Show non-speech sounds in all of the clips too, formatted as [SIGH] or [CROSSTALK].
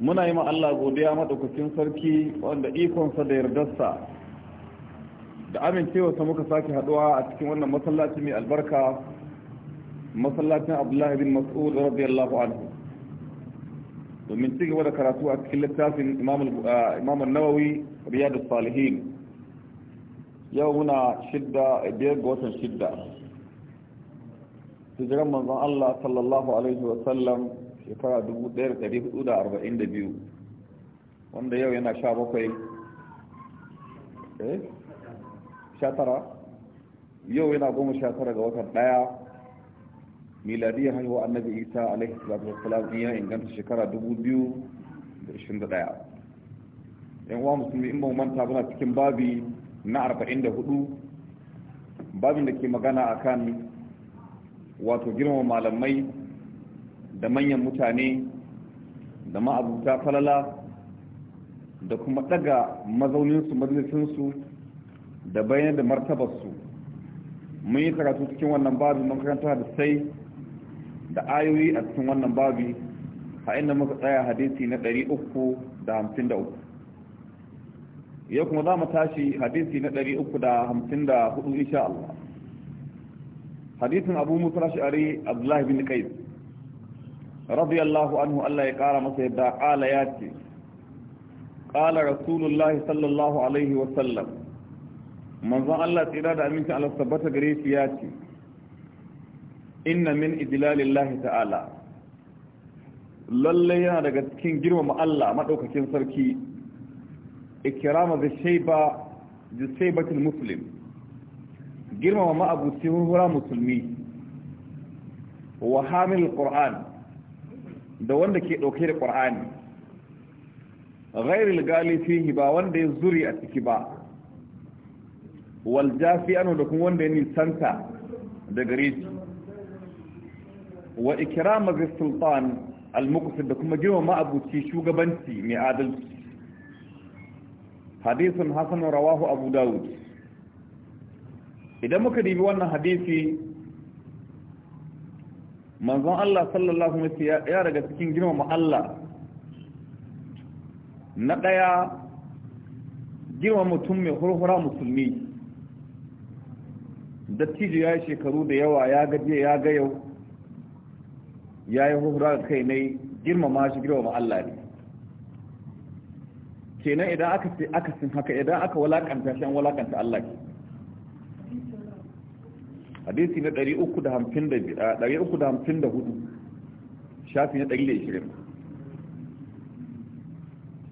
muna yi Allah godiya maɗaukakin sarki wanda ikonsa da yardarsa da amincewa ta muka sake haɗuwa a cikin wannan masallaci mai albarka masallacin abdullahi bin mas'ud radiyallahu anhu domin ci gaba da karatu a cikin littafin ah, imam nawawi riyadus salihin yau muna shidda biyar ga watan shidda hijiran manzon Allah sallallahu alaihi wa sallam shekara 1442 wanda yau yana 17 eh 19 yau yana 19 ga watan daya miladiyar haihuwa annabi isa alaihi salatu wassalam ya inganta shekara 2021 yan uwa musulmi in ba manta muna cikin babi na 44 babin da ke magana akan wato girmama malamai da manyan mutane da ma'abuta falala da kuma daga mazauninsu majalisinsu da bayan da martabarsu mun yi karatu cikin wannan babi makaranta da sai da ayoyi a cikin wannan babi a inda muka tsaya hadisi na 353 yau kuma za mu tashi hadisi na 354 insha Allah hadisin abu musa shi'ari abdullahi bin qais radiyallahu anhu Allah ya kara masa yadda Kala ya ce Kala rasulullah sallallahu alaihi wa sallam manzon Allah tsira da aminci Allah tabbata gare shi ya ce inna min idlalillahi ta'ala lalle yana daga cikin girmama Allah madaukakin sarki ikrama da shayba jisaibatul muslim girmama ma'abuci hura musulmi wa hamil qur'an da wanda ke ɗauke da ƙwar'ani ghairil gali fihi ba wanda ya zuri a ciki ba wal jafi anu da kuma wanda ya nisanta da gare shi wa ikrama zai sultan al-muqsid da kuma girma ma'abuci shugabanci mai adalci hadisun hasan rawahu abu dawud idan muka dibi wannan hadisi manzon Allah sallallahu alaihi wasallam ya daga cikin girmama Allah na daya girmama mutum mai hurhura musulmi dattijo ya yi shekaru da yawa ya gaje ya ga yau ya yi hurhura da kai ne girmama shi girmama Allah ne kenan idan aka ce aka sin haka idan aka walakanta shi an walakanta Allah ke hadisi na 354 shafi na 120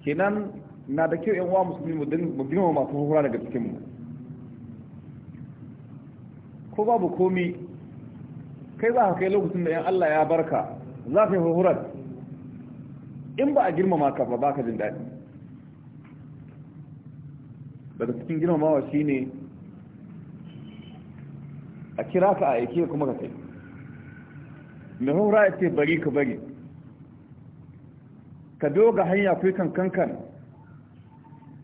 kenan na da kyau yan wa musulmi mu girma masu hura daga cikinmu ko babu komi kai za ka kai lokacin da yan Allah ya barka za ka yi hurar in ba a girmama ka ba ba ka jin daɗi daga cikin girmamawa shine a kira ka a aike kuma ka kai mai hura ya ce bari ka bari ka doga hanya kai kan kankan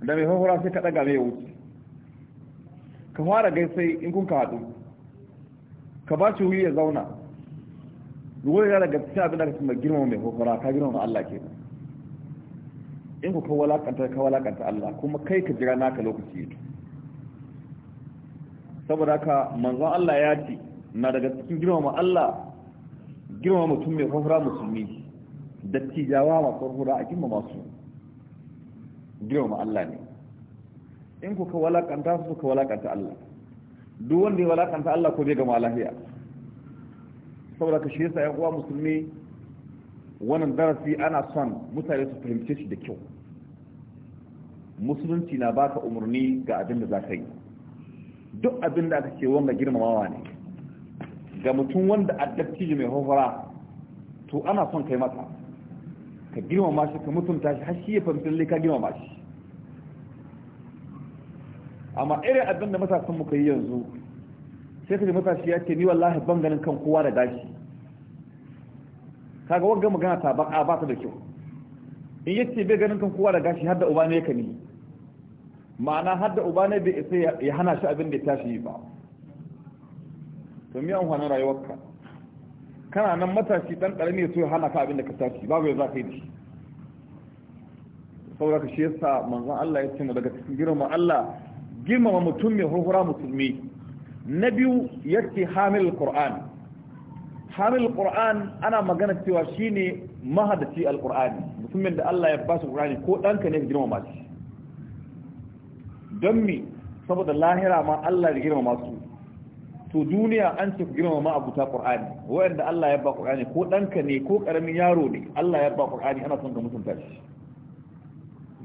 da mai hura sai ka daga mai wuce ka fara gaisai in kun ka haɗu ka ba shi wuri ya zauna wuri ya daga cikin abin da ka cimma girma mai hura ka girma Allah ke in ku ka walakanta ka walakanta Allah kuma kai ka jira naka lokaci yato saboda haka manzon Allah ya ce na daga cikin girmama Allah girmama mutum mai fahura musulmi dattijawa masu fahura a girmama su girmama Allah ne in ka walakanta su ka walakanta Allah duk wanda ya walakanta Allah ko bai gama lafiya saboda ka shi yasa ƴan uwa musulmi wannan darasi ana son mutane su fahimce shi da kyau musulunci na baka umarni ga abin da za ka yi duk abin da aka ce wanga girmamawa ne ga mutum wanda addabci mai hofara to ana son kai mata ka girmama shi ka mutunta shi har shi ya fahimci lalle ka girmama shi amma irin abin da matasan muka yi yanzu sai ka ji matashi ya ce ni wallahi ban ganin kan kowa da gashi kaga wagga magana ta ba ta da kyau in yace bai ganin kan kowa da gashi har da uba ne ka ni ma'ana har da uba ne bai isa ya hana shi abin da ya tashi yi ba to me an hana rayuwarka kana nan matashi dan karami ya so ya hana ka abin da ka tashi babu ya za ka yi da shi saboda ka shi yasa manzon Allah ya ce mu daga cikin girma Allah girmama mutum mai hurhura musulmi na biyu yake hamil qur'an hamil qur'an ana magana cewa shine mahadaci alqur'ani mutumin da Allah ya ba shi qur'ani ko danka ne girma girmama shi don mi saboda lahira ma Allah ya girmama su to duniya an ce ku girmama abuta qur'ani wanda Allah ya ba qur'ani ko danka ne ko karamin yaro ne Allah ya ba qur'ani ana son ka mutunta shi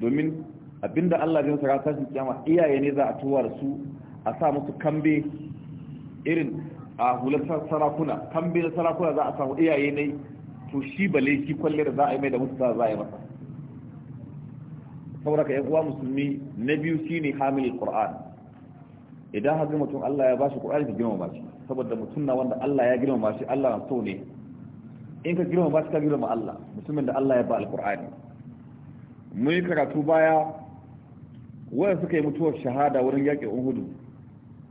domin abinda Allah ya saka tashin kiyama iyaye ne za a tuwa da su a sa musu kambe irin a hular sarakuna kambe da sarakuna za a samu iyaye ne to shi bale shi kwalle da za a yi mai da mutu za a yi masa sauraka yan uwa musulmi na biyu shine hamilul qur'an idan mutum Allah ya bashi qur'ani ka saboda mutum na wanda Allah ya girmama shi Allah so ne in ka ka Allah mutumin da Allah ya ba alqur'ani mun yi karatu baya wanda suka yi mutuwar shahada wurin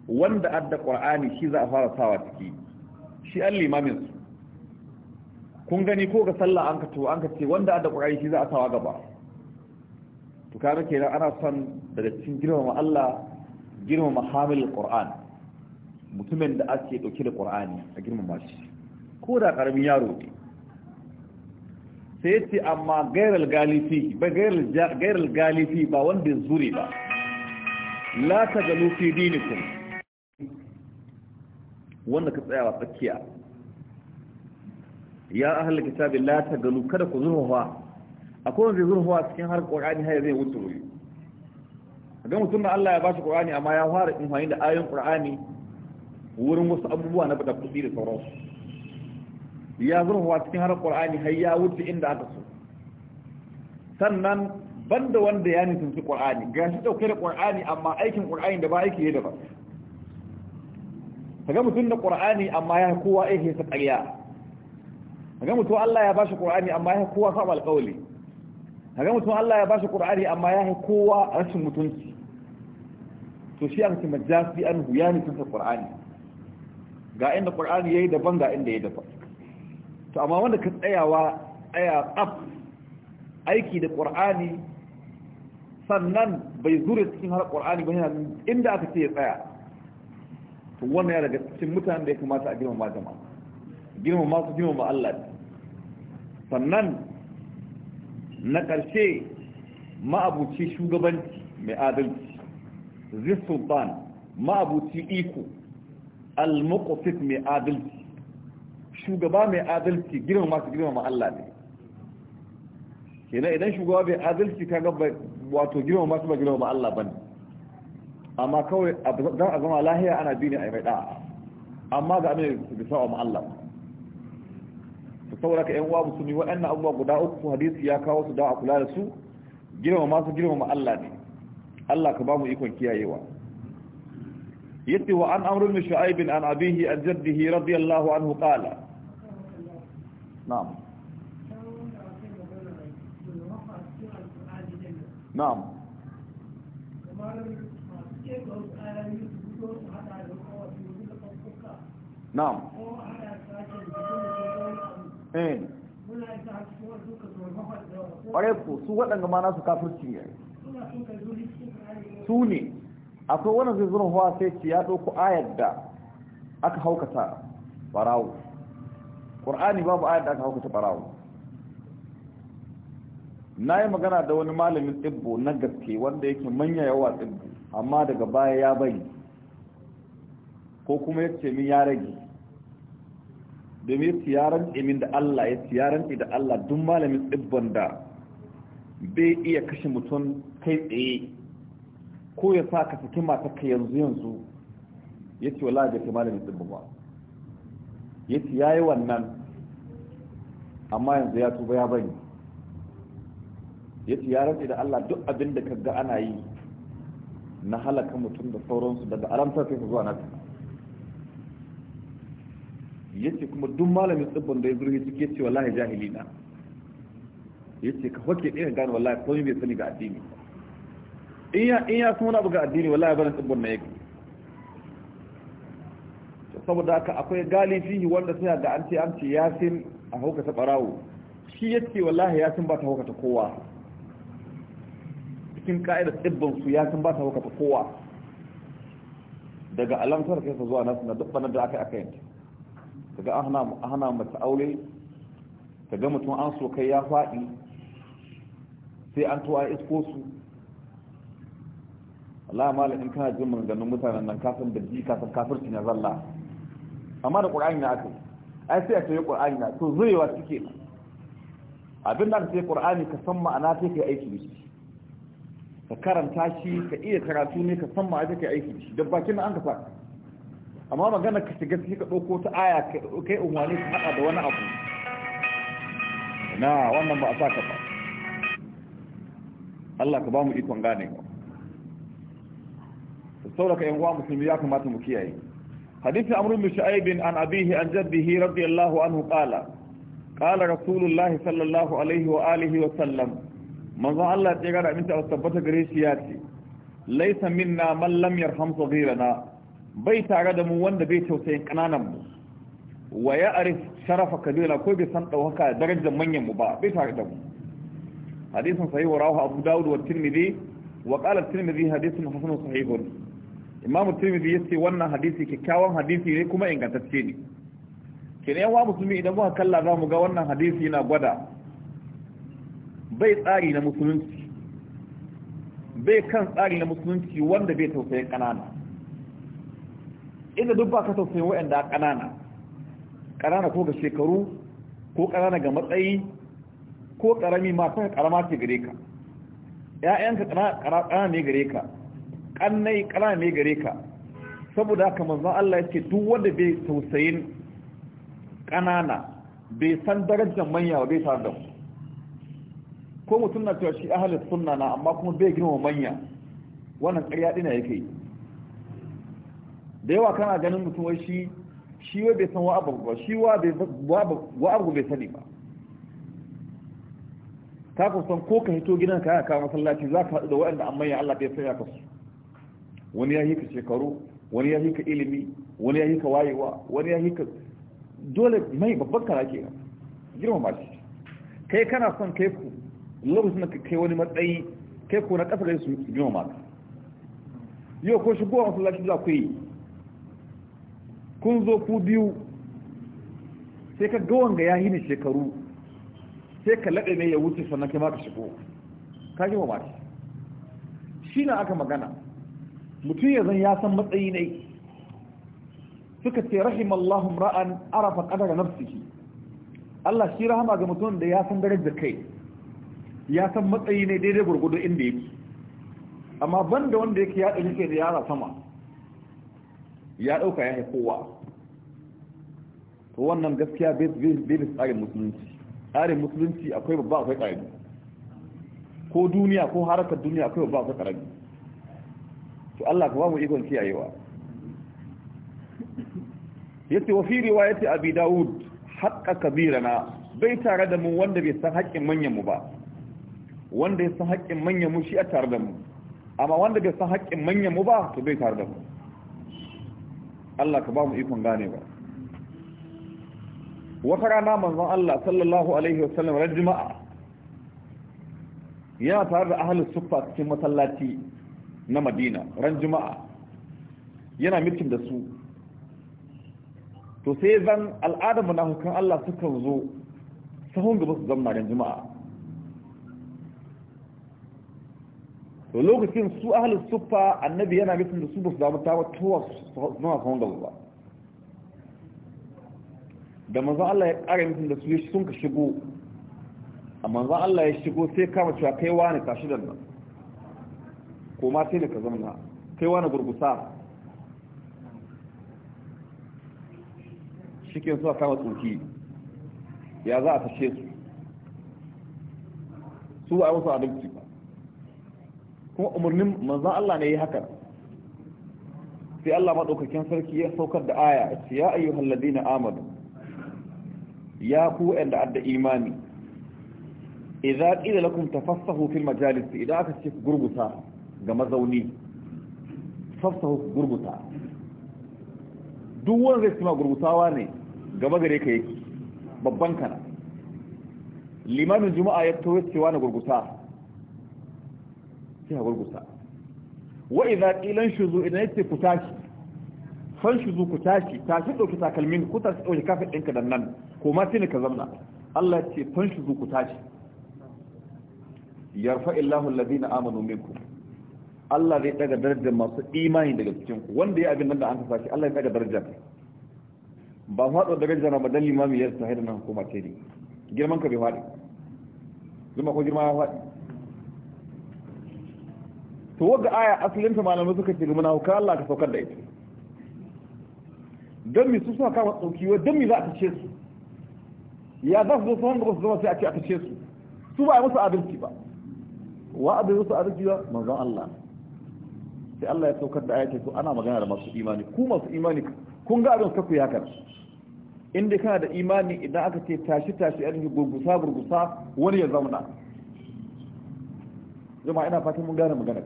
wanda adda qur'ani shi za a fara sawa ciki shi an limamin kun gani ko ga sallah an ka to an ka ce wanda adda qur'ani shi za a sawa gaba to kaga kenan ana son daga cikin girmama Allah girmama hamil Qur'an mutumin da ake dauke da Qur'ani a girmama shi ko da karamin yaro ne sai ce amma gairar galifi ba gairar galifi ba wanda zuri ba la tagalu fi dinikum wanda ka tsaya wa tsakiya ya ahlul kitabi la tagalu kada ku zurfa akwai wanda zai zurfawa cikin har ƙorani haya zai wuce wuri don mutum da Allah ya bashi ƙorani amma ya fara amfani da ayoyin ƙorani wurin wasu abubuwa na bada kuɗi da sauransu ya zurfawa cikin har ƙorani har ya wuce inda aka so sannan banda wanda ya nisanci ƙorani ga shi ɗauke da ƙorani amma aikin ƙorani da ba aiki ya daban kaga mutum da ƙorani amma ya kowa aiki ya sa ƙarya kaga mutum Allah ya bashi ƙorani amma ya kowa saba alƙawali kaga mutum Allah ya bashi Qur'ani amma ya kowa rashin mutunci to shi an ce majasi an huyani tunsa Qur'ani ga inda Qur'ani yayi daban ga inda yayi daban to amma wanda ka tsayawa tsaya tsaf aiki da Qur'ani sannan bai zure cikin har Qur'ani ba yana inda aka ce ya tsaya to wannan ya daga cikin mutanen da ya kamata a girmama jama'a girmama su girmama Allah sannan na ƙarshe ma'abuci shugabanci mai adalci zisultan ma'abuci iko al-muqsit mai adalci shugaba mai adalci girma masu girma ma Allah ne kenan idan shugaba mai adalci ka kaga wato girma masu girma ma Allah bane amma kawai dan a zama lahiya ana bi ne a mai da'a amma ga abin da sawa ma Allah saboda ka yan uwa musulmi waɗannan abubuwa guda uku hadisi ya kawo su da a kula da su girma masu girma ma Allah ne Allah ka ba mu ikon kiyayewa Yadda wa an amurin min shu'aib an abihi an jaddihi radiyallahu anhu qala na'am na'am na'am Eh. ƙwarai ko su waɗanda ma nasu kafirci ne su ne akwai wannan zai zurin hawa sai ce ya ɗauku ayar da aka haukata ɓarawo ƙwar'ani babu ayar da aka haukata ɓarawo na yi magana da wani malamin tsibbo na gaske wanda yake manya yawa tsibbo amma daga baya ya bari ko kuma ya ce min ya rage domin siyaran imin da Allah ya siyaran da Allah duk malamin tsibban da bai iya kashe mutum kai tsaye ko ya sa ka saki mata ka yanzu yanzu ya ce wala da ke malamin tsibban ba ya ce ya yi wannan amma yanzu ya tuba ya bari ya ce ya rantsi da Allah duk abin da ka ga ana yi na halaka mutum da sauransu daga alamtar sai zuwa nasa yace kuma duk malamin tsibbin da ya zurge cike ce wallahi jahili na yace ka hoke ɗaya gane wallahi komai bai sani ga addini in ya in ya abu ga addini wallahi barin tsibbin na yake saboda haka akwai galifi wanda sai ga an ce an ce yasin a hauka ta barawo shi yace wallahi yasin ba ta hauka ta kowa cikin ka'idar tsibbin su yasin ba ta hauka ta kowa daga alamtar kai zuwa nasu na duk da aka yi aka yanta kaga an hana mata aure kaga mutum an so kai ya faɗi sai an tuwa isko su Allah mala in kana jin maganganun mutanen nan san da ji san kafirci na zalla amma da ƙur'ani na aka ai sai a ce ƙur'ani na to zurewa suke abin da sai ƙur'ani ka san ma'ana sai kai aiki da shi ka karanta shi ka iya karatu ne ka san ma'ana sai kai aiki da shi da bakin an ka saka amma magana ka shiga shi ka ɗauko ta aya kai umarni su haɗa da wani abu na wannan ba a saka ba Allah ka ba mu ikon gane ba sauraka yan uwa musulmi ya kamata mu kiyaye hadisi amrun bi shu'aibin an abihi an jaddihi radiyallahu anhu qala qala rasulullah sallallahu alaihi wa alihi wa sallam manzo Allah ya ga da aminta tabbata gare shi ya ce Laisa minna man lam yarham saghirana bai tare da mu wanda bai tausayin kananan mu wa ya ari sharafa kabila ko bai san dauka darajar manyan mu ba bai tare da mu hadisin sahihu rawahu abu daud wa tirmidhi wa qala tirmidhi hadisin hasan sahih imam tirmidhi yace wannan hadisi kikkiawan hadisi ne kuma ingantacce ne kene yawa musulmi idan muka kalla za mu ga wannan hadisi yana gwada bai tsari na musulunci bai kan tsari na musulunci wanda bai tausayin kanana inda duk ba ka tausayin waɗanda ƙanana ƙanana ko ga shekaru ko ƙanana ga matsayi ko ƙarami ma ta ƙarama ce gare ka ‘ya'yanka ƙanana ne gare ka ƙannai ƙanana ne gare ka saboda haka manzan Allah ya duk wanda bai tausayin ƙanana bai san darajar manya bai tare da ko mutum na cewa shi ahalin sunna na amma kuma bai girma manya wannan ƙarya ɗina yake yi da yawa kana ganin mutum wai shi shi wai bai san wa abu ba shi wa abu bai sani ba ka san ko ka hito gidan ka ka masallaci za ka haɗu da waɗanda amma ya Allah bai sanya ka su wani ya yi ka shekaru wani ya yi ka ilimi wani ya yi ka wayewa wani ya yi ka dole mai babban kara ke girma ba shi kai kana son kai ku lokacin da kai wani matsayi kai ku na ƙasa da su girma ma yau ko shigowa masallaci za ku yi kun zo ku biyu sai ka ga wanga ya yi ni shekaru sai ka laɗe ne ya wuce sannan kai ma ka shigo ka ji mamaki shi na aka magana mutum ya zan ya san matsayi ne suka ce rahim Allahum ra'an arafa na nafsihi Allah shi rahama ga mutum da ya san darajar kai ya san matsayi ne daidai gurgudu inda yake amma banda wanda yake ya dauke da yara sama ya ɗauka ya haifowa to wannan gaskiya bai da tsarin musulunci tsarin musulunci akwai babba akwai ƙarami ko duniya ko harakar duniya akwai babba akwai ƙarami to Allah ka ba mu ikon kiyayewa yace wa fi riwayati abi daud haqqa kabirana bai tare da mu wanda bai san haƙƙin manyan mu ba wanda ya san haƙƙin manyan mu shi a tare da mu amma wanda bai san haƙƙin manyan mu ba to bai tare da mu Allah ka ba mu ikon ganewa wata rana manzon Allah sallallahu alaihi wasallam ran juma'a yana tare da ahlus suffa cikin masallaci na Madina ran juma'a yana mikin da su to sai zan al'adar munafikan Allah sukan zo sahun gaba su zama ran juma'a to lokacin su ahalin suffa annabi yana nufin da su ba su damu ta wata zuwa kawon gaba ba da manzo Allah ya ƙara mutum da su sun ka shigo a manzo Allah ya shigo sai kama cewa kai wani tashi da nan ko ma sai da ka zama kai wani gurgusa shi ke zuwa kama tsoki ya za a tashe su su a wasu adalci kuma umarnin manzan Allah ne ya haka sai Allah maɗaukakin sarki ya saukar da aya ce ya ayyu halladi na amadu ya ku da adda imani idan ƙila lakum tafassahu fil majalis idan aka ce gurguta ga mazauni tafassahu gurguta duk wanda zai cima gurgutawa ne gaba gare ka yake babban kana limamin juma'a ya tawo cewa na gurguta sai a gurgusa wa idza qilan shuzu idan yace ku tashi fan shuzu ku tashi tashi dauki takalmin ku tashi dauki kafin ɗinka dan nan ko ma sai ka zamna Allah ce fan shuzu ku tashi yarfa illahu alladhina amanu minkum Allah zai daga darajar masu imani daga cikin ku wanda ya abin nan da an kasa shi Allah zai daga darajar ba faɗo darajar na madan limami ya sahira nan hukuma ce ne girman ka bai faɗi zuma ko girma ya faɗi to wadda aya asalinta malamai suka ce muna hauka Allah ka saukar da ita don mi su suna kama wa don mi za a tace su ya za su zo sun gaba su zama sai a ce a tace su su ba a musu adalci ba wa a bai musu adalci ba manzon Allah sai Allah ya saukar da ayata to ana magana da masu imani ku masu imani kun ga abin kaku ya kan inda kana da imani idan aka ce tashi tashi an yi gurgusa gurgusa wani ya zauna jama'a ina fatan mun gane magana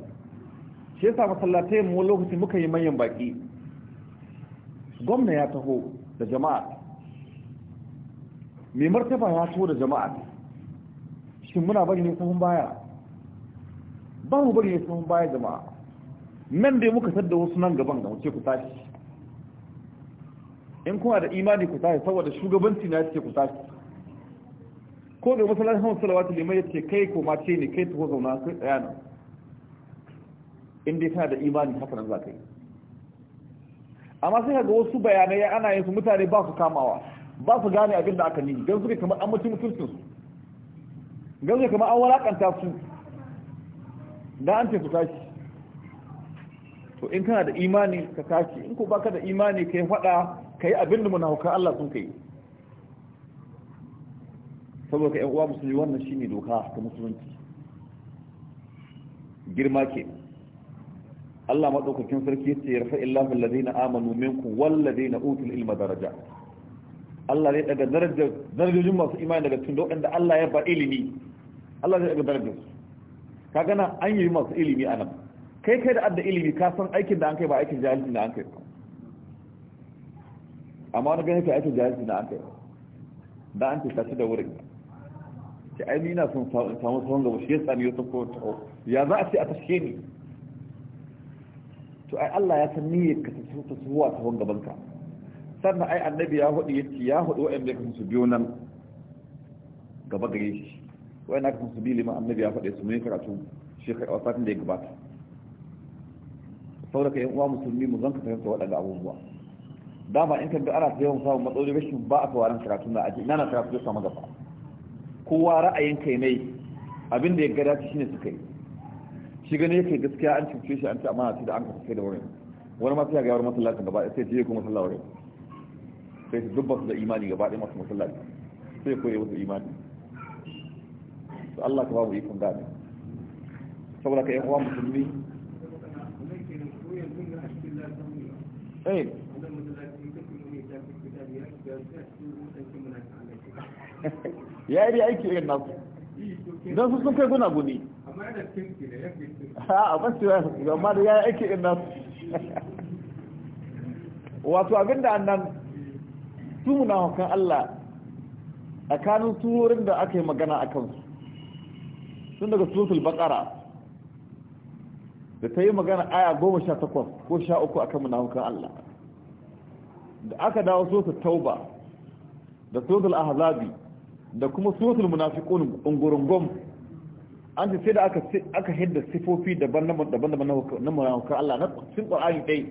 shi yasa masallatai mu lokacin muka yi manyan baki gwamna ya taho da jama'a mai martaba ya taho da jama'a shi muna bari ne sahun baya ba mu bari ne sahun baya jama'a nan dai muka sadda wasu nan gaban ga wuce ku tashi in kuna da imani ku tashi saboda shugabanci na ce ku tashi ko da masallaci hamsu salawatu limai ya ce kai ko mace ne kai ta zauna sai tsaya nan in dai kana da imani haka nan za ka yi amma sai ga wasu bayanai ana yin su mutane ba su kamawa ba su gane abin da aka nini don suke kamar an mutum mutuncin su don suke kamar an walakanta su da an ce su tashi to in kana da imani ka tashi in ko baka da imani ka yi faɗa ka yi abin da hukar Allah sun kai saboda ka yi uwa musulmi wannan shine doka ta musulunci girma kenan Allah madaukakin sarki ya ya ce yace yarfa'illahu alladhina amanu minkum walladhina utul ilma daraja Allah zai daga darajar darajojin masu imani daga cikin waɗanda Allah ya ba ilimi Allah zai daga darajar su kaga nan an yi masu ilimi a nan, kai kai da adda ilimi ka san aikin da an kai ba aikin jahilci da an kai amma wani ganin ka aikin jahilci da an kai da an tuka shi da wurin ce ai ni na son samu sauran gaba shi ya tsani ya tsakko ya za a ce a tashe ni to ai Allah ya san niyyar ka ta tsuta zuwa ta wanga banka sannan ai annabi ya hudu yace ya hudu wa'anda kan su biyo nan gaba gare shi wa'anda kan kasance bi liman annabi ya faɗe su mun karatu shekara wasatin da ya gabata saboda yan uwa musulmi mu zanka da waɗanda abubuwa dama in kan ga ana ta yawan samun matsaloli rashin ba a tawaran karatu na aji nana karatu ya samu gaba kowa ra'ayin kai ne abin da ya gada shi ne su kai. shi gani yake gaskiya an cuce shi an ci amana ce da an kafa kai da wurin wani ma sai ga yawar masallacin gaba sai ta yi kuma sallah wurin sai su dubba su da imani gaba ɗaya masu masallaci sai koyi wasu imani to Allah ka mu ikon gane saboda ka yi musulmi eh, [LAUGHS] ya yi aiki irin nasu don su sun kai guna guni a ban cewa ya nan wato abinda annan su munafukan Allah tsakanin surorin da aka yi magana a kansu sun daga suratul bakara da ta yi magana aya goma sha takwas ko sha uku a kan munafukan Allah da aka dawo suratul tauba da suratul ahazabi da kuma suratul munafiqun ungurungum an ce sai da aka hidda sifofi daban-daban na munafukan Allah na sun Qur'ani dai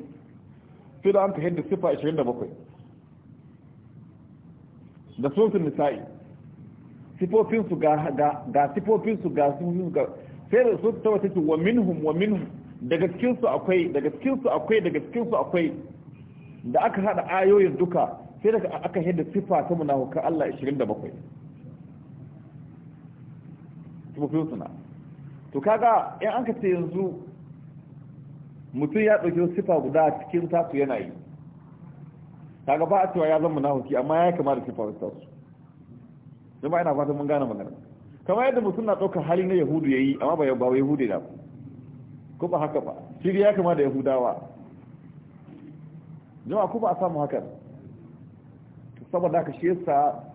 sai da an ka hidda sifa 27 da suratul nisa'i sifofin su ga ga sifofin su ga Sifofinsu ga sai da ta wata ce wa minhum wa minhum daga cikin su akwai daga cikin su akwai daga cikin su akwai da aka hada ayoyin duka sai da aka hidda sifa ta munafukan Allah 27 sifofin su na to kaga in an ka ce yanzu mutum ya ɗauki sifa guda cikin tasu yana yi kaga ba a cewa ya zama hoki amma ya kama da sifa wasu zama ina fatan mun gane magana kama yadda mutum na ɗaukar hali na yahudu ya yi amma ba ba yahudu da ko ba haka ba shirya ya kama da yahudawa jama'a ku ba a samu hakan saboda ka shi yasa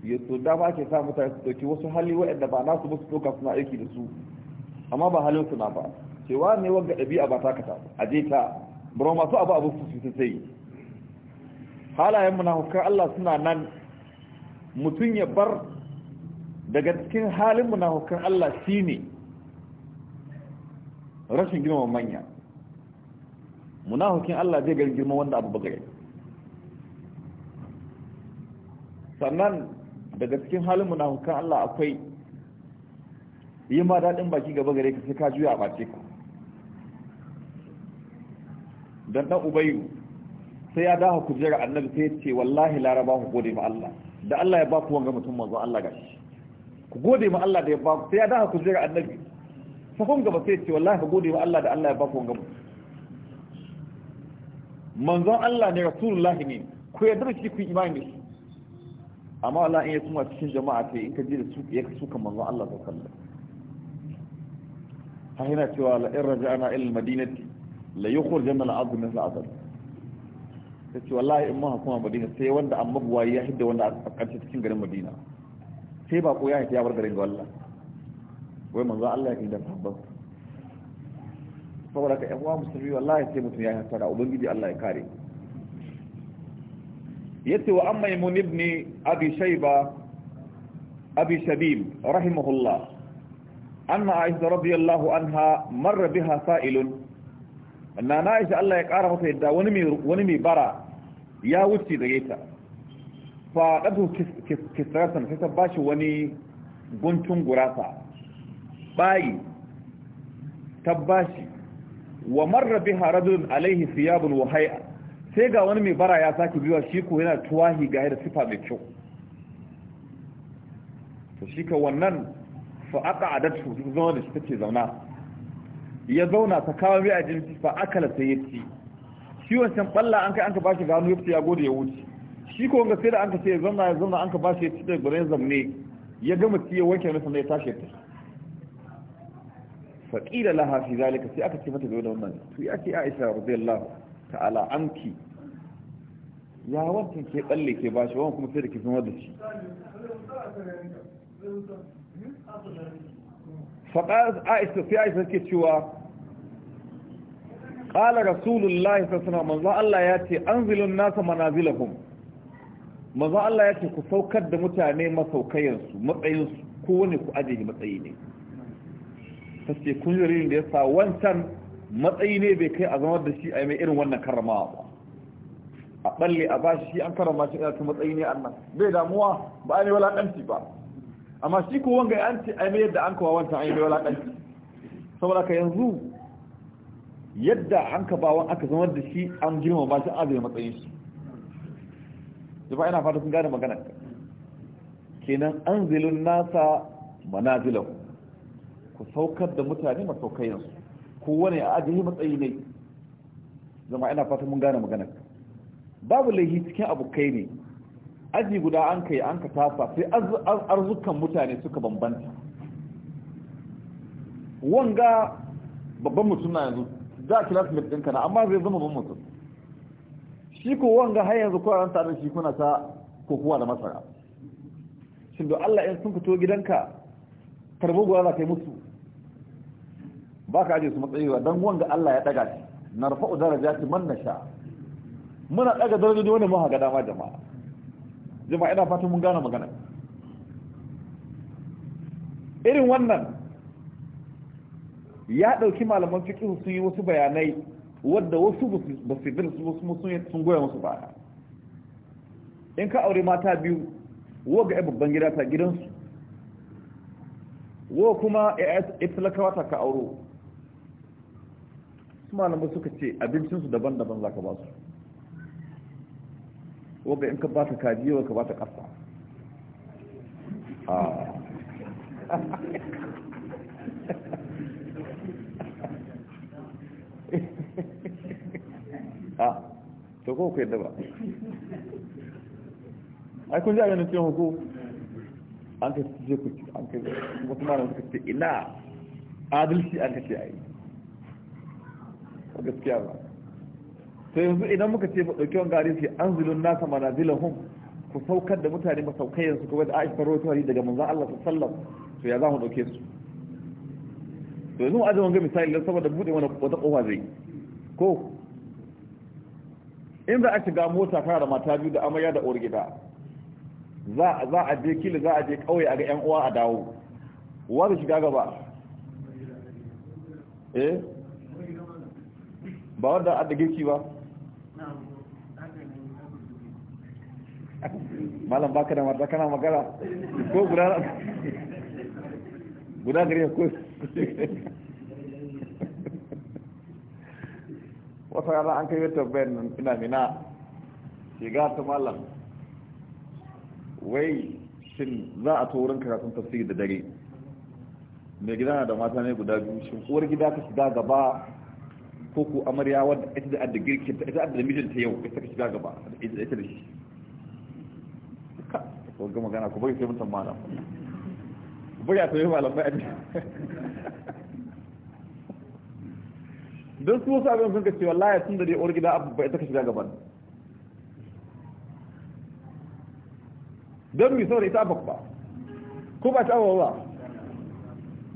so dama ke sa mutane su dauki wasu hali waɗanda ba nasu ba su ɗauka suna aiki da su amma ba halin suna ba cewa ne wanga ɗabi'a ba ta kata a je ta bura masu abu abu su su sai halayen munafukan Allah suna nan mutum ya bar daga cikin halin munafukan Allah shine rashin girma manya munafukin Allah zai gari girma wanda abu bagare sannan daga cikin halin munafukan Allah akwai yi ma daɗin baki gaba gare ka sai ka juya a ɓace ka don ɗan ubayu sai ya dawo kujera annabi sai ya ce wallahi laraba ku gode ma Allah da Allah ya ba ku wanga mutum manzo Allah gashi ku gode ma Allah da ya ba ku sai ya dawo kujera annabi safon gaba sai ya ce wallahi ku gode ma Allah da Allah ya ba ku wanga mutum manzon Allah ne rasulullahi ne ku yadda da shi ku imani amma Allah in ya kuma cikin jama'a sai in ka je da su ya su kan manzo Allah sallallahu alaihi wasallam yana cewa la in raja'na ila al-madinati la yukhrijanna al-'abdu min al-'adab sai wallahi in ma hukuma Madina sai wanda an mabuwa ya hidda wanda a karshe cikin garin Madina sai ba ko ya hidda ya bar garin ga Allah wai manzo Allah ya kinda tabbas saboda ka yan uwa musulmi wallahi sai mutum ya hasara ubangiji Allah ya kare yace wa amma imun ibn abi shayba abi shabib rahimahullah anna aisha radiyallahu anha marra biha sa'ilun anna aisha Allah ya kara mata yadda wani mai wani mai bara ya wuce da gaita fa kadu kisratan sai ta bashi wani guntun gurasa bayi tabbashi wa marra biha rajulun alaihi thiyabun wa hay'a sai ga wani mai bara ya sake biyuwa shi ko yana tuwahi ga da sifa mai kyau to shi ka wannan fa'aƙa a datu zama da shi take zauna ya zauna ta kawo mai a jinsi fa'akala sai ya ci shi wancan balla an kai an ka bashi gano yadda ya gode ya wuce shi ko wanga sai da an ka sai zauna ya zauna an ka bashi ya ci da gure zamne ya gama ci ya wanke masa ya tashi ta faƙila laha fi zalika sai aka ce mata da wannan to ya ce Aisha radiyallahu ta'ala anki ya wancan ke balle ke bashi wani kuma sai da ke zama da shi faƙar aisha sai aisha ke cewa ƙala rasulullahi sassana manzan Allah ya ce an zilin nasa manazilahum manzan Allah ya ce ku saukar da mutane masaukayensu matsayinsu ko wani ku ajiye matsayi ne ta ce kun yi da ya sa wancan matsayi ne bai kai a zama da shi a mai irin wannan karamawa ba a balle a bashi shi an karama shi ina ta matsayi ne annan bai damuwa ba a ne walakanci ba amma shi ko wanga an ce a mai yadda an kawo wancan a yi mai walakanci saboda ka yanzu yadda an ka bawan aka zama da shi an girma ba shi azai matsayin shi jama'a ina fata sun gane magana kenan an anzilun nasa manazilahu ku saukar da mutane masaukayensu kowane a ajiye matsayi ne zama ina fata mun gane magana babu laihi cikin abokai ne aji guda an kai an ka tafa sai arzukan mutane suka bambanta wanga babban mutum na yanzu za a kila smith ɗinka na amma zai zama babban mutum shi ko wanga har yanzu kwanan tare shi kuna ta kokowa da masara shi do Allah in sun fito gidanka karbo guda za ka yi musu ba ka aje su matsayiwa don wanga Allah ya ɗaga shi na rafa'u ci man nasha muna ɗaga darajoji wani maha ga dama jama'a jama'a ina fatan mun gane magana irin wannan ya ɗauki malaman fiƙi su yi wasu bayanai wadda wasu ba su bin su wasu sun goya musu ba in ka aure mata biyu wo ga babban gida ta gidansu wo kuma ya talakawa ta ka auro su malamai suka ce abincinsu daban-daban za ka ba su wadda in ka ba ta kaji yau ka ba ta ƙasa a ah. [LAUGHS] ah, to ko ku yadda ba ai kun ji abin da hukun an ka ce ku an ka wasu suka ce ina adalci an ka ce a yi gaskiya ba sai yanzu idan muka ce mu dauki wanga an anzilun nasa manazilahum ku saukar da mutane masaukayen su kuma da Aisha ta hadisi daga manzan Allah sallam to ya za mu dauke su to yanzu azu ga misali don saboda bude wani wata ƙofa zai ko in za a shiga mota kana da mata biyu da amarya da orgida za a je kila za a je ƙauye a ga yan uwa a dawo uwa da shiga gaba eh ba wanda a da girki ba malam baka da marta kana magana ko guda guda ya ko wata yana an kai tabbayar nan ina mina shiga ta malam wai shin za a turin karatun tafsiri da dare mai gida na da mata ne guda biyu shi uwar gida ta shiga gaba ko ku amarya wadda ita da girkin ta ita da mijinta yau ita ka shiga gaba da ita da shi ko ga magana ku bari sai mun malam ku bari a sai malamai a dan [LAUGHS] su wasu abin sun ka ce wallahi tun da dai uwar gida abu ba ita ka shiga gaba. don mi sai ita abak ba ko ba ta wawa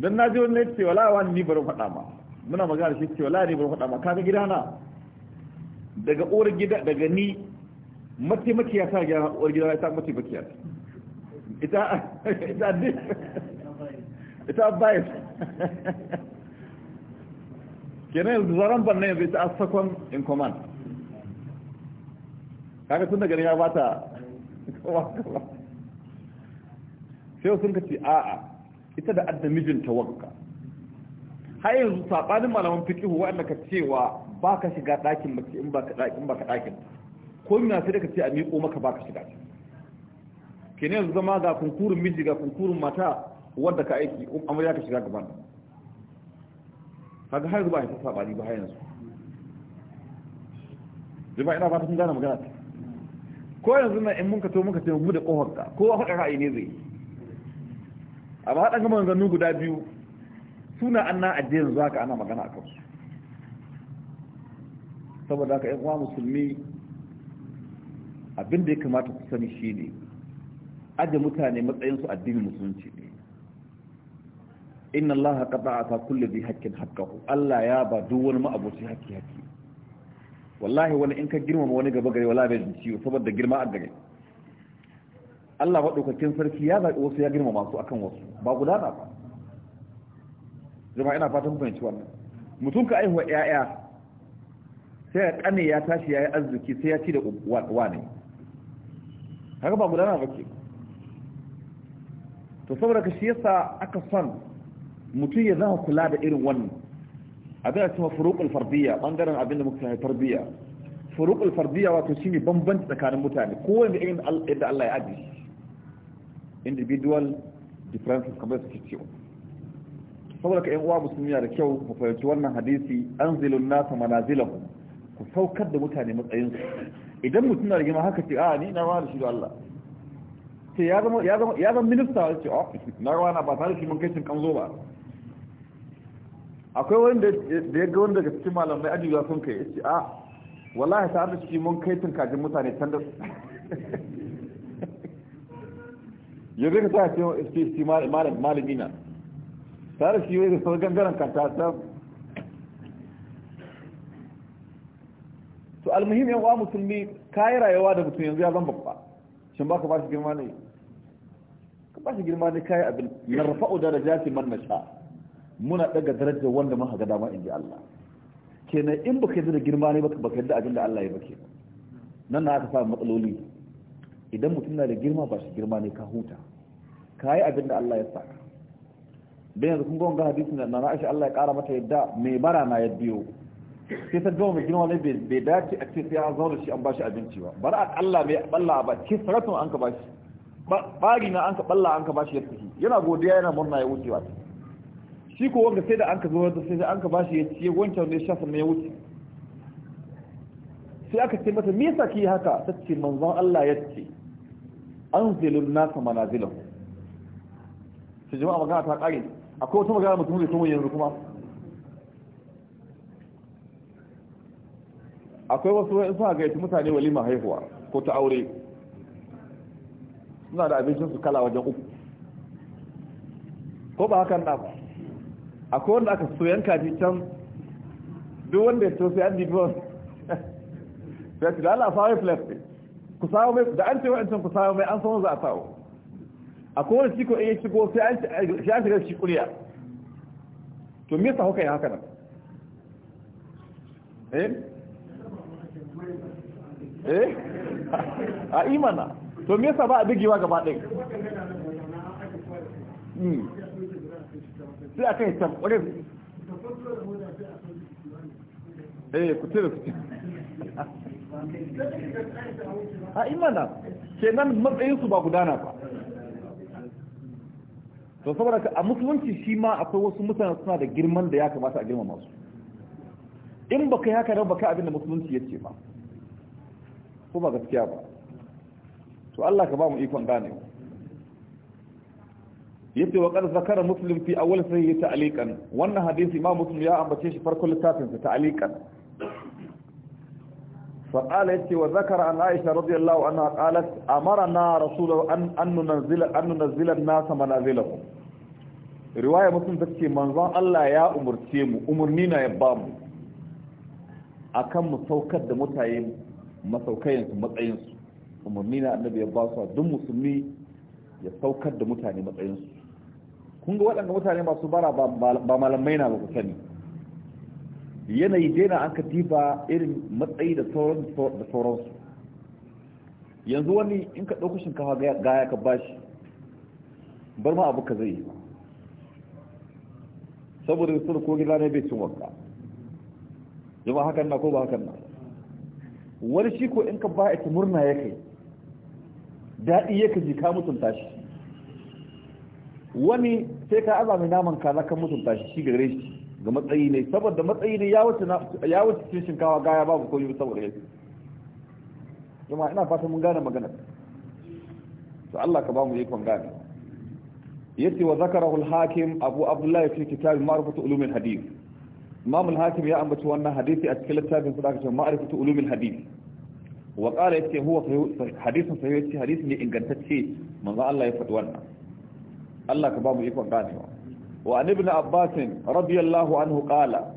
dan don na ji wani ne ce wallahi wani ni bari faɗa ma muna magana shi cewa lari bai faɗa ma kaga gidana daga uwar gida daga ni mace ya sa gida uwar gida ya sa mataimaki ya ita ita din ita bai kenan yanzu ban ne yanzu ita asakon sakon in command kaga tun daga ni ya bata sai sun ka ce a'a ita da adda ta wanka har yanzu sabanin malaman fiqhu wanda ka cewa baka shiga ɗakin mace in baka ka baka ɗakin ko ina sai ka ce a miƙo maka baka shiga kenan yanzu zama ga kunkurin miji ga kunkurin mata wanda ka aiki amarya ka shiga gaban kaga har zuba ta sabani ba har yanzu zuba ina ta sun gane magana ta ko yanzu na in mun ka to muka ce mu da kohon ka kowa faɗa ra'ayi ne zai amma haɗa gama maganganu guda biyu suna annan addinin za ka ana magana a kansu saboda haka uwa musulmi abinda ya kamata ku sani shi ne aje mutane matsayinsu addinin musulunci ne inna allaha qata'a ta kulli bi haqqin haqqahu allah ya ba duk wani haƙƙi haƙƙi wallahi wani in ka girmama wani gaba gare wala bai jin ciwo saboda girma a gare Allah maɗaukakin sarki ya zaɓi wasu ya girmama su akan wasu ba guda ba zama ina fatan fahimci wannan mutum ka aihuwa ƴaƴa sai ya kane ya tashi ya yi arziki sai ya ci da wane haka ba gudana ba ke to saboda ka shi yasa aka son mutum ya zama kula da irin wannan abin da cewa furuƙul fardiyya bangaren abin da muka tarbiyya furuƙul fardiyya wato ne bambanci tsakanin mutane kowa da irin yadda Allah ya ajiye individual differences kamar suke cewa saboda ka yan uwa musulmi da kyau mu fahimci wannan hadisi anzilun nasa manazilahum ku saukar da mutane matsayin su idan mutum na rigima haka ce a ah, ni na rawa da shi da Allah sai ya zama ya zama ya zama minista ya ce oh na rawa na ba tare da shi mun kai cin kanzo ba akwai wanda da ya ga wanda daga cikin malamai ajiya sun kai ya ce a ah, wallahi ta da shi mun kai kajin mutane can da [LAUGHS] yanzu ka sa ce malami tare shi wai da sau gangaren katatar to almuhim yan uwa musulmi kayi rayuwa da mutum yanzu ya zan babba shin baka ba shi girma ne ka ba shi girma ne kayi abin na uda da jasi man sha muna daga darajar wanda muka haga dama inji Allah kenan in baka yi da girma ne baka baka yadda abin da Allah ya bake nan na aka samu matsaloli idan mutum na da girma ba shi girma ne ka huta kayi abin da Allah ya saka dan yanzu kun ga wannan hadisin da na Aisha Allah ya kara mata yadda mai bara na ya biyo sai ta gama gina wani bai dace a cikin ya zaune shi an bashi abinci ba bari a Allah mai balla ba ke saratun an ka bashi bari na an ka balla an ka bashi ya tafi yana godiya yana murna ya wuce ba shi ko wanda sai da an ka zo da sai an ka bashi ya ciye wancan ne shafa mai wuce sai aka ce mata me yasa ki haka ta ce manzon Allah ya ce anzilun nasa manazilahu sai jama'a magana ta kare akwai wata magana mutum da tumu yanzu kuma akwai wasu wani suna gaiti mutane walima haihuwa ko ta aure suna da abincinsu kala wajen uku ko ba hakan na akwai wanda aka soyan kaji can duk wanda ya to sai an dibi wani sai ta dala fawai flex da an ce wa'in can ku sawo mai an samu za a sawo akwai wani ciko in ya shigo sai an shiga shi kuriya to me yasa kuka yi haka nan eh eh a imana to me yasa ba a bigewa gaba ɗaya hmm. sai a kai tamɓarar eh ku tere su [LAUGHS] a imana Ke nan matsayinsu ba gudana ba to saboda a musulunci shi ma akwai wasu mutane suna da girman da ya kamata a girmama su in ba kai haka nan ba kai abin da musulunci ya ce ba ko ba gaskiya ba to Allah ka ba mu ikon gane yace wa qad zakara muslim fi awwal sahih ta'liqan wannan hadisi imam muslim ya ambace shi farkon littafin sa ta'liqan fa qala yace wa zakara an aisha radiyallahu anha qalat amarna rasulullah an an nunzila an nunzila an-nas manazilahum riwaya mutum ta ce manzon Allah ya umurce mu umurni na ya ba mu akan mu saukar da mutaye masaukayensu matsayinsu umurni na annabi ya ba su duk musulmi ya saukar da mutane matsayinsu kun ga waɗanda mutane masu bara ba malamai na ba ku sani yanayi daina an katifa irin matsayi da sauransu yanzu wani in ka ɗauko shinkafa gaya ka bashi bar ma abu ka zai yi ba. saboda sun ko gida ne bai cin wanka jama hakan na ko ba hakan na wani shi ko in ka ba a murna ya kai daɗi ya kaji ka mutunta shi wani sai ka mai naman ka ka mutunta shi shi gare shi ga matsayi ne saboda matsayi ne ya wuce cin shinkawa gaya babu ko yi saboda ya jama ina fata mun gane magana to Allah ka ba mu yi gane yace wa zakarahu al-hakim abu abdullahi fi kitab ma'rifatu ulum al-hadith imam al-hakim ya ambaci wannan hadisi a cikin littafin sa kace ma'rifatu ulum al-hadith wa qala yace huwa hadithun sahih yace hadisi ne ingantacce manzo Allah ya faɗi wannan Allah ka ba mu ikon ganewa wa an ibn abbas radiyallahu anhu qala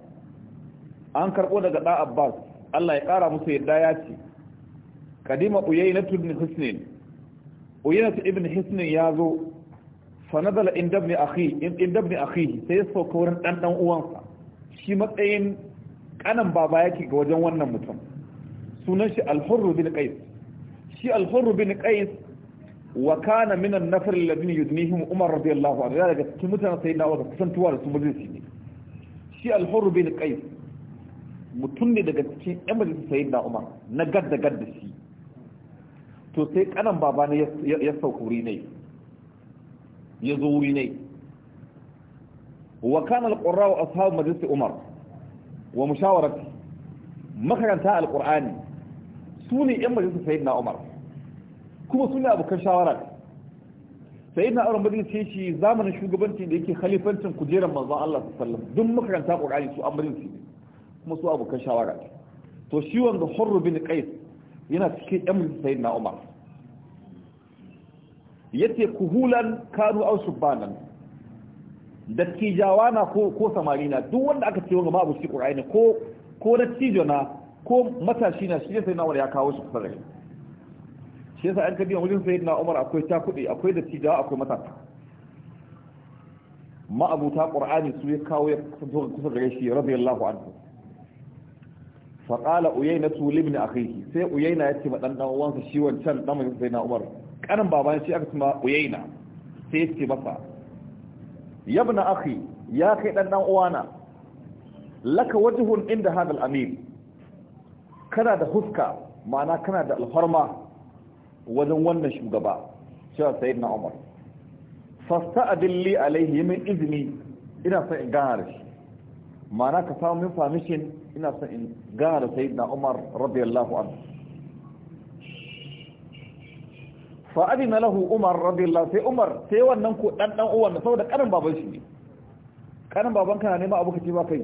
an karbo daga da abbas Allah ya kara musu yadda ya ce kadima uyaynatu ibn husnin uyaynatu ibn husnin ya zo fa nazala inda ibn akhi inda ibn akhi sai sauka wurin dan dan uwansa shi matsayin kanan baba yake ga wajen wannan mutum sunan shi al-hurr bin qais shi al-hurr bin qais wa kana min an-nafar alladhina yudnihim umar radiyallahu anhu daga cikin mutanen sayyidina wa kusantuwa da su majalisi ne shi al-hurr bin qais mutum ne daga cikin yan majalisar sayyidina umar na gadda gadda shi to sai kanan baba ne ya sauka wuri ne ya zo wuri ne wa kan alqurra wa ashabu majlis umar wa mushawarati makaranta alqur'ani su ne yan majalisar sayyidina umar kuma su ne abokan shawara sayyidina umar bazai ce shi zamanin shugabanci da yake khalifancin kujerar manzon Allah sallallahu alaihi wasallam makaranta qur'ani su amarin su kuma su abokan shawara to shi wanda hurru bin qais yana cikin yan majalisar sayyidina umar yace kuhulan kanu aw subbanan dattijawa na ko ko samari na duk wanda aka ce wanga ma shi qur'ani ko ko dattijo na ko matashi na shi sai na wanda ya kawo shi kusa da shi shi yasa an ka biyan wajen sayyidina Umar akwai ta kudi akwai dattijawa akwai matasa ma abuta qur'ani su ya kawo ya kusa da shi radiyallahu anhu fa qala uyayna ibn akhihi sai uyayna yace ma dan dan uwansa shi wancan dan mai sayyidina Umar kanin babana shi aka tuma uyaina sai ce masa yabna akhi ya kai dan dan uwana laka wajhun inda hada al-amir kana da huska ma'ana kana da alfarma wajen wannan shugaba cewa sayyidina Umar fasta'dil li alayhi min izni ina son in gana shi ma'ana ka samu min permission ina son in gana da sayyidina Umar radiyallahu anhu fa adina lahu umar radiyallahu sai umar sai wannan ko dan dan uwan saboda karin baban shi ne karin baban kana nema abu kace ba kai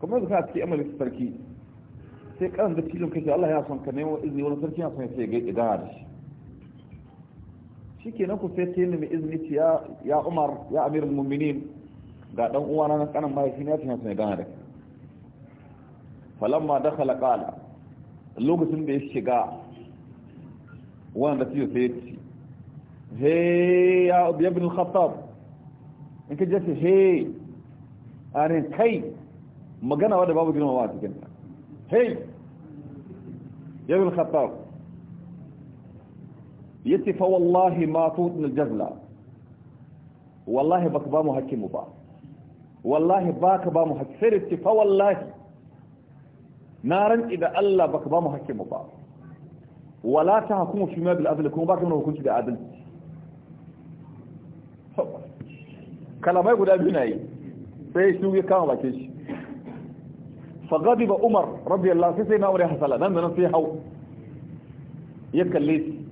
kuma yanzu kana cikin amalin sarki sai karin da filin kace Allah ya san ka nemo izini wani sarki ya son ya ga idara da shi shikenan ku sai ta yi mai izini ya ya umar ya amirul mu'minin ga dan uwana na kanin mahaifi na ya san ya gana da kai falamma dakhala qala lokacin da ya shiga وانا تيو سيتي هي يا ابن الخطاب انك جات هي اني تي ما جانا ولا بابا جنوا وقت كان هي يا ابن الخطاب يتي فوالله ما طوتنا الجزله والله باك با محكم با والله باك با محكم سرت فوالله نارن اذا الله باك با محكم با wala ta hukumu fi ma bil adl kuma ba ka hukunci da adalci kalamai guda biyu na yi sai shi ya kama bakin shi fagadi ba umar rabbi allah sai sai na umar ya hasala nan da nan sai hau ya kalle shi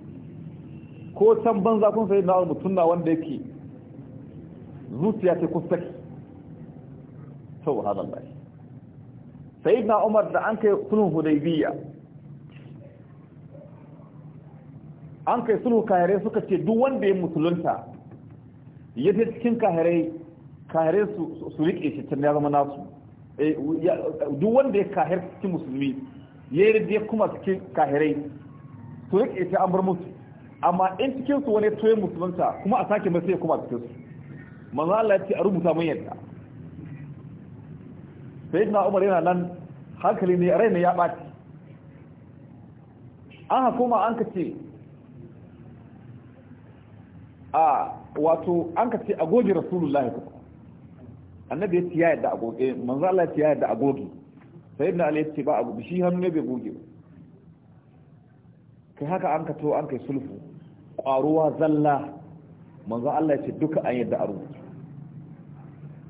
ko can banza kun sai na mutum na wanda yake zuciya ce saki. sau hada Allah sai na umar da an kai sulhun hudaybiya an kai sulhu kahirai suka ce duk wanda ya musulunta ya ce cikin kahirai kahirai su rike shi can ya zama nasu eh, duk wanda ya kahir cikin musulmi ya yi ya kuma cikin kahirai su rike shi an bar musu amma in cikin su wani toye musulunta kuma a sake masu ya kuma cikin su manzo Allah ya ce a rubuta mun yadda sayyidina Umar yana nan hankali ne rai ne ya ɓaci an hakuma an ka ce a wato an ka ce agogi rasulullahi ta annabi ya ci ya yadda agogi manzo Allah ya ci ya yadda agogi sai sayyidina Ali ya ce ba abu shi hannu ne bai goge ba kai haka an ka to an kai sulhu ƙwaruwa zalla manzo Allah ya ce duka an yadda a sai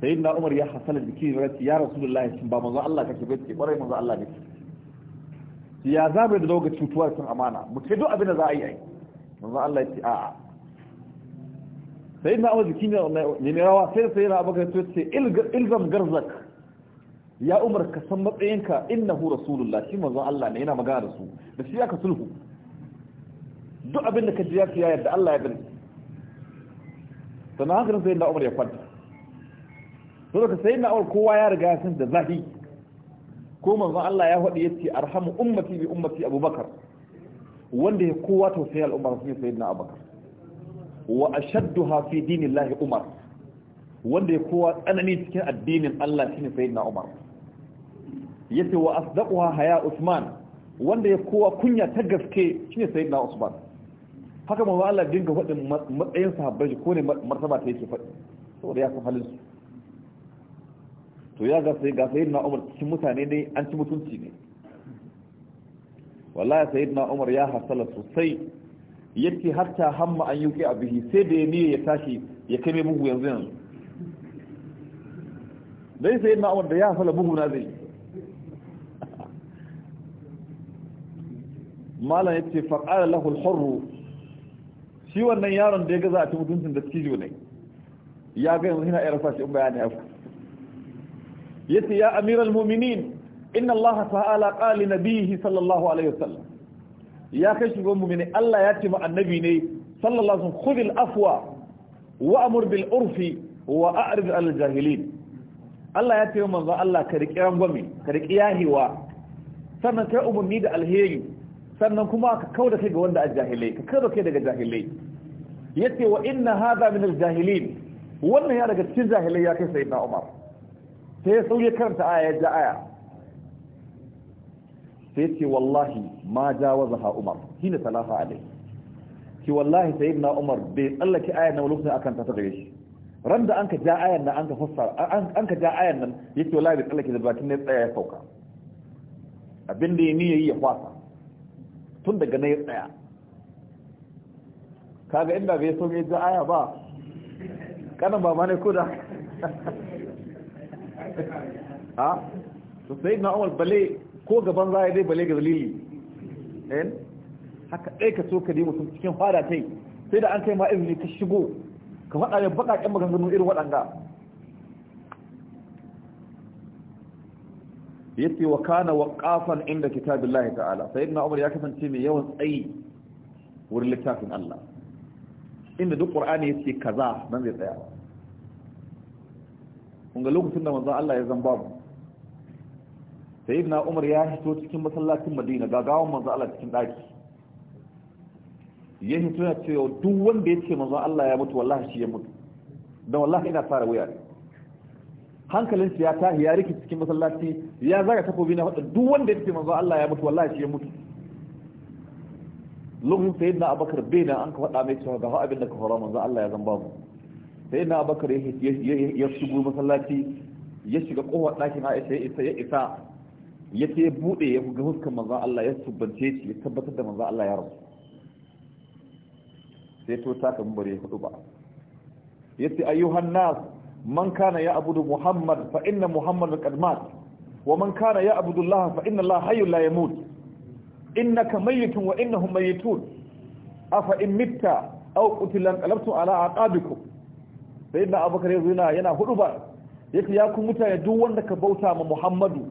sayyidina Umar ya hasala jiki ya ce ya rasulullahi shin ba manzo Allah kake ba ce kwarai manzo Allah ne ya zabe da daga cutuwar sun amana mutu ce duk abin da za a yi ai manzo Allah ya ce a'a sai na amur jiki ne rawa sai da sai na abokan ce ilzam garzak ya umar ka san matsayinka innahu rasulullah shi manzon Allah ne yana magana da su da shi aka sulhu duk abin ka ji ya fi yayar Allah ya bin sannan hankalin sai na ya kwanta sai na kowa ya riga sun da zafi ko manzon Allah ya fadi ya ce arhamu ummati abubakar wanda ya kowa tausayi wa hafi fi lahi umar wanda ya kowa tsanani cikin addinin Allah shine sayyidina umar Ya ce wa asdaquha haya usman wanda ya kowa kunya ta gaske shine sayyidina usman haka manzo Allah dinga faɗin matsayin shi ko ne martaba ta yake faɗi saboda ya san halin su to ya ga sai ga sayyidina umar cikin mutane ne an ci mutunci ne wallahi sayyidina umar ya hasala sosai yace hatta hamma an yi a bihi sai da yayi ya tashi ya kai mai bugu yanzu yanzu dai sai na wanda ya fala bugu na zai malam ya ce lahu Lahul hurr shi wannan yaron da ya gaza a ci mutuncin da cijo ne ya ga yanzu yana irasa shi in bayani haka yace ya amiral mu'minin inna Allah ta'ala qala na nabiyhi sallallahu alaihi wasallam ya kai shugaban mu'mini Allah ya ce ma annabi ne sallallahu alaihi wasallam khudil afwa wa amur bil urfi wa a'rid al jahilin Allah ya ce wa manzo Allah ka riƙi rangwame ka riƙi yahiwa sannan kai umarni da alheri sannan kuma ka kauda kai ga wanda a jahilai ka kauda kai daga jahilai yace wa inna hadha min al jahilin wannan ya daga cikin jahilai ya kai sayyidina Umar sai ya sauye karanta aya ya ja aya sai ce wallahi ma ha umar shi ne salaha alai ki wallahi sayyidina umar bai tsallake ayar nan lokacin akan ta gare shi ran da anka ja ayar nan anka fassara anka ja ayar nan yace wallahi bai tsallake da bakin ne tsaya ya sauka abin da ya niyayi ya kwasa tun daga na ya tsaya kaga inda bai so ya ja aya ba kanan ba ma ne ko da [LAUGHS] ha to sayyidina umar bale ko gaban za ya dai bale ga dalili ɗayan haka ɗai ka so ka nemi mutum cikin fada tai sai da an kai ma izini ka shigo ka faɗa mai baƙaƙen maganganu irin waɗanda ya ce wa kana inda kitabin lahi ta'ala sai na umar ya kasance mai yawan tsayi wurin littafin Allah inda duk ƙur'ani ya ce kaza nan zai tsaya kun ga lokacin da manzan Allah ya zan babu na umar ya hito cikin masallacin madina gagawan manzo Allah cikin daki ya hito ya ce duk wanda ya ce manzo Allah ya mutu wallahi shi ya mutu dan wallahi ina fara wuya hankalin ya tahi ya riki cikin masallaci ya zaga takobi na hada duk wanda ya ce manzo Allah ya mutu wallahi shi ya mutu lokacin sayyidina abakar bai na an ka faɗa mai cewa ga abin da ka fara manzo Allah ya zamba mu sayyidina abakar ya shigo masallaci ya shiga kofar ɗakin Aisha ya isa ya ce ya buɗe ya ga huskan manzan Allah ya subbance shi ya tabbatar da manzan Allah ya rabu. sai to taka bari ya hudu ba ya ce ayyuhan nas man kana ya abudu muhammad fa inna muhammad qad mat wa man kana ya abudu allah fa inna allah hayyun la yamut innaka mayyitun wa innahum mayyitun afa in mitta aw qutila qalabtu ala aqabikum sayyidina abubakar yana yana hudu ba yace ya ku mutane duk wanda ka bauta ma muhammadu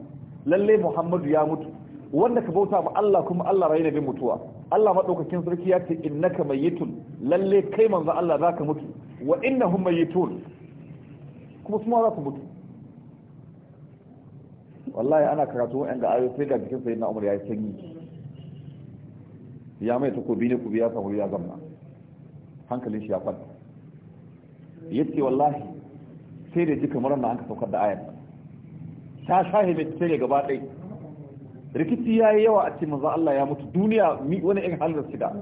lalle muhammadu ya mutu wanda ka bauta ma Allah kuma Allah rai da bin mutuwa Allah madaukakin sarki ya ce innaka mayyitun lalle kai manzo Allah zaka mutu wa innahum mayyitun kuma su ma za su mutu wallahi ana karatu wa'an da ayoyi sai ga jikin na Umar ya yi sanyi ya mai kobi ne kubi ya samu ya zamna hankalin shi ya kwanta yace wallahi sai da ji kamar da an ka saukar da ayar ta shahe mai tafiya ne gaba ɗai rikici ya yi yawa a ce maza Allah ya mutu duniya wani in halin shiga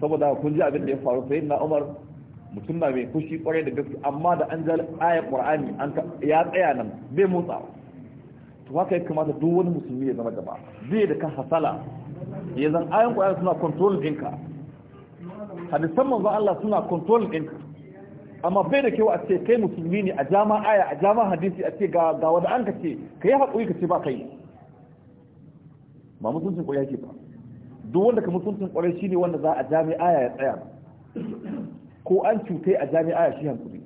saboda kun ji abin da ya faru sai na umar mutum na mai kushi kwarai da gaske amma da an ja ayar qur'ani ya tsaya nan bai motsa to haka ya kamata duk wani musulmi ya zama gaba zai da kan hasala ya zan ayan ƙwar'ani suna kontrol ɗinka hadisan manzo Allah suna kontrol ɗinka amma bai da kyau a ce kai musulmi ne a jama aya a jama hadisi a ce ga ga wanda an ka ce ka yi haƙuri ka ce ba kai ba mutuncin ƙwarai ce ba duk wanda ka mutuncin ƙwarai shine wanda za a jami aya ya tsaya ko an cutai a jami aya shi hankuri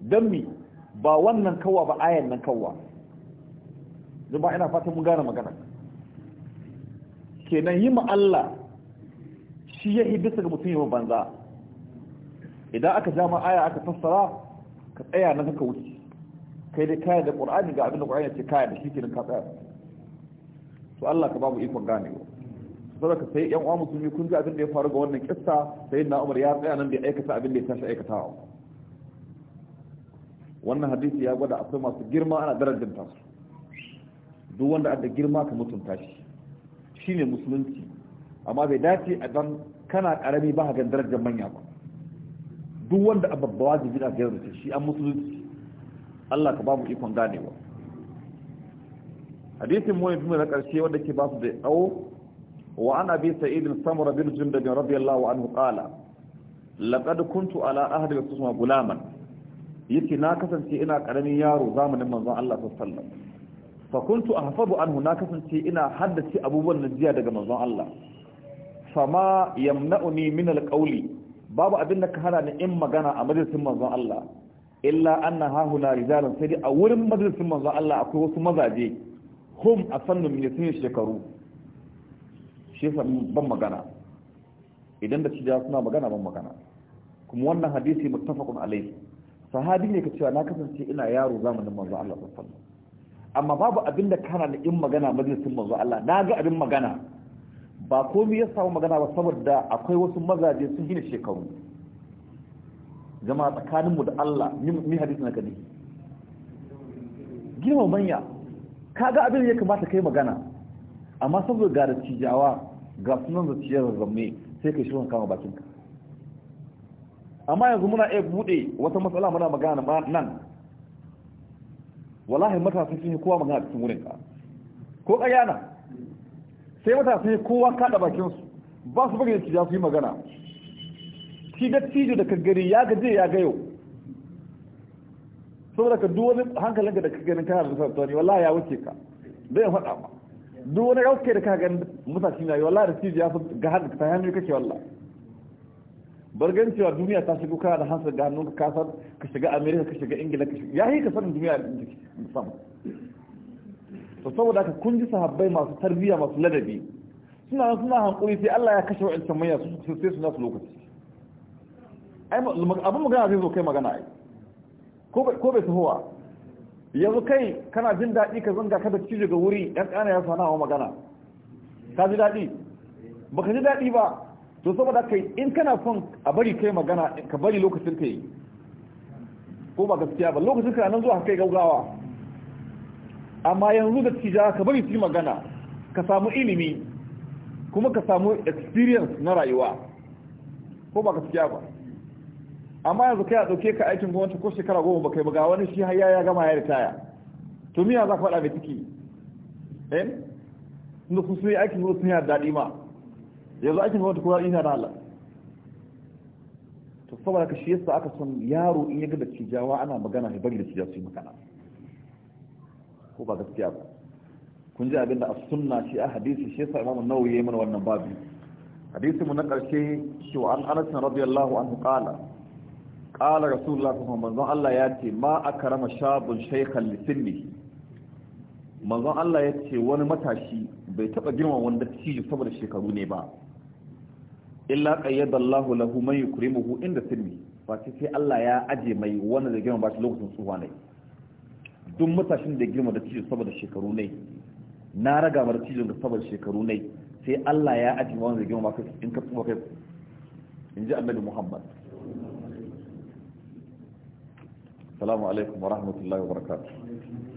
don mi ba wannan kawa ba ayan nan kawwa ba ina fatan mun gane magana kenan yi ma Allah shi ya hidda ga mutum yawan banza idan aka ja aya aka fassara ka tsaya na ka wuce kai dai kaya da qur'ani ga abin da qur'ani ce kaya da shi kenan ka tsaya to Allah ka babu ikon ba saboda ka sai yan uwa musulmi kun ji abin da ya faru ga wannan kissa sai na Umar ya tsaya nan bai aikata abin da ya tashi aikatawa wannan hadisi ya gwada akwai masu girma ana darajanta su duk wanda da girma ka mutunta shi shine musulunci amma bai dace a dan kana karami ba ga darajar manya ba duk wanda a babba wajibi na gairar da shi an musulunci Allah ka babu ikon ganewa hadisin mu ne na karshe wanda ke ba su da tsawo wa ana bi sa'id bin samura bin jundab radiyallahu anhu qala laqad kuntu ala ahdi rasulullah gulaman yace na kasance ina karamin yaro zamanin manzon Allah sallallahu alaihi wasallam fa kuntu ahfadu anhu na kasance ina haddace abubuwan najiya daga manzon Allah fama yamna'uni min alqawli babu abin da ka hana ni in magana a majalisin manzon Allah illa anna hahuna rijalun sai a wurin majalisin manzon Allah akwai wasu mazaje hum asannu min sun shekaru shi yasa ban magana idan da shi suna magana ban magana kuma wannan hadisi muttafaqun alayhi sahabi ne ka cewa na kasance ina yaro zamanin manzon Allah sallallahu alaihi wasallam amma babu abin da kana da in magana majalisin manzon Allah na ga abin magana ba komai ya samu magana ba saboda akwai wasu mazaje sun gina shekaru jama'a tsakaninmu da Allah mi hadisi na kadi girma manya kaga abin ya kamata kai magana amma saboda ga da cijawa ga sunan da ciyar zamme sai kai shirin kama bakinka amma yanzu muna iya bude wata matsala muna magana nan wallahi matasa sun yi kowa magana cikin wurinka ko ƙayana sai matasan kowa kada bakinsu ba su bari da su yi magana shi da tijo da kaggari ya gaje ya gayo saboda ka duk wani hankalinka da kaggari kana da sarta ne wallah ya wuce ka bai faɗa ba duk wani rauke da ka kaggarin mutashi na yi wallah da tijo ya fi ga hannu ta hannu kake wallah bargan cewa duniya ta shigo kana da hansa ga hannun ka kasar ka shiga amerika ka shiga ingila ka shiga ya yi ka sanin duniya da take musamman to saboda haka kun ji sahabbai masu tarbiyya masu ladabi suna suna hankuri sai Allah ya kashe wa'ancan manya su sai su nasu lokaci ai abin magana zai zo kai magana ai ko bai tahowa yanzu kai kana jin daɗi ka zanga kada ci daga wuri 'yan kana ya sana wa magana ka ji daɗi ba ka ji daɗi ba to saboda kai in kana son a bari kai magana ka bari lokacin ka yi ko ba gaskiya ba lokacin ka nan zuwa kai gaugawa amma yanzu da za ka bari su magana ka samu ilimi kuma ka samu experience na rayuwa ko ba ka siya ba amma yanzu kai a ɗauke ka aikin gwamnati ko shekara goma ba kai ba ga wani shi har ya gama ya ritaya to miya za ka faɗa mai ciki eh tunda su sun yi aikin gwamnati sun yi daɗi ma yanzu aikin gwamnati kuma ina da halar to saboda ka shi yasa aka son yaro in ya ga da cijawa ana magana ya bari da cijawa su yi magana ko ba gaskiya ba kun ji abinda a sunna shi a hadisi shi sa imamu nawawi yi mana wannan babu hadisi mu na karshe shi wa an anas radiyallahu anhu ƙala. qala rasulullah sallallahu alaihi wasallam Allah ya ce ma akrama shabun shaykhan li sinni manzon Allah ya ce wani matashi bai taɓa girma wanda cijo saboda shekaru ne ba illa qayyada Allah lahu man yukrimuhu inda sinni Ba sai Allah ya aje mai wannan da girma ba shi lokacin tsuwa ne duk matashin da girma da cizon saboda shekaru ne na raga mara cizon da saboda shekaru ne sai Allah ya aji ma da girma kai in ka tsuma kai in ji annabi Muhammad salamu alaikum wa rahmatullahi wa barakatuh